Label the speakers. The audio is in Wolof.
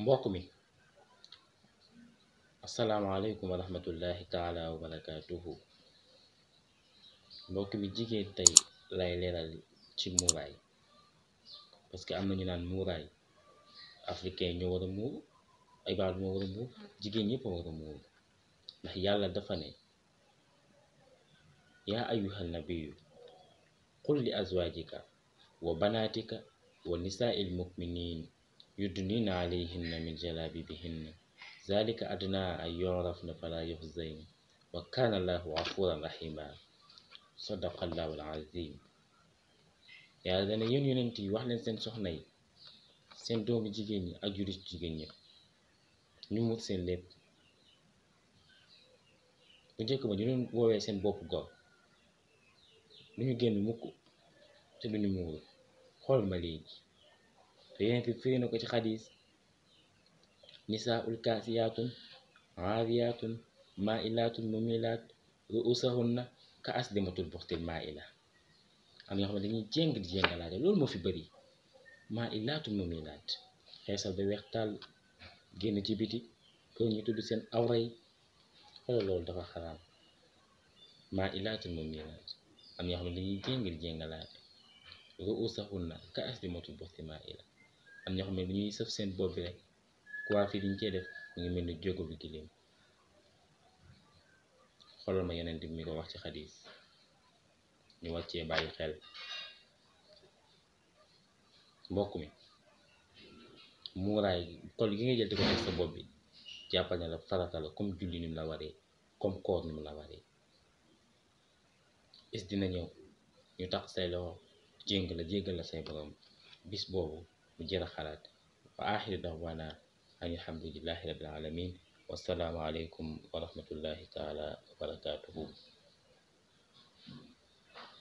Speaker 1: mbokk mi asalaamaaleykum wa rahmatullahi taala wa barakaatuhu mbokk mi jigéen tey lay leeral ci muuraay parce que am na ñu naan muuraay africain ñoo war a muur ibaadu moo war muur jigéen ñëpp a muur ndax yàlla dafa ne yaa ayyuhan nabiyyu qul azwaajika wa banaatika wa nisaa'il mu'miniin يدنين عليهن من جلابيبهن ذلك أدنى أن يعرفن فلا يخزين وكان الله غفورا رحيما صدق الله العظيم yàlla dana yéen yonent yi wax leen seen soxna yi seen doomi jigéen ñi ak juri jigéen ñi ñu mut seen lépp bu njëkk ba ñu doon woowee seen bopp gor lu ñu génn mukk te duñu muuru xool ma te yeneen fi firi ko ci xadiis nisaa ul kaasiyaatun aawiyaatun mailaatun mumilaat ruusahunna ka asdimatul buxtil maila am ñoo xam ne dañuy jéng di jéngalaate loolu moo fi bëri mailaatun mumilaat xeesal ba weex tàll génn ci biti pour ñu tudd seen awray yi loolu dafa xaraam mailaatun mumilaat am ñoo xam ne dañuy jéng di jéngalaate na ka asdimatul buxtil maila am ñoo xam ne bu ñuy sëf seen bopp bi rek coiffure yi ñu cee def mu ngi mel ni jógu bi giléem xoolal ma yeneen bi mi ko wax ci xadis ñu wàccee bàyyi xel mbokk mi muuraay kol gi nga jël di ko teg sa bopp bi jàppale ne la farata la comme julli ni mu la waree comme koor ni mu la waree bis dina ñëw ñu tax say loxo jéng la jéggal la say borom bis boobu mu jël xalaat wa axiru dahwaana an alhamdulilahi rabbil alamin wasalaamu aleykum wa rahmatullahi taala wa barakatuhu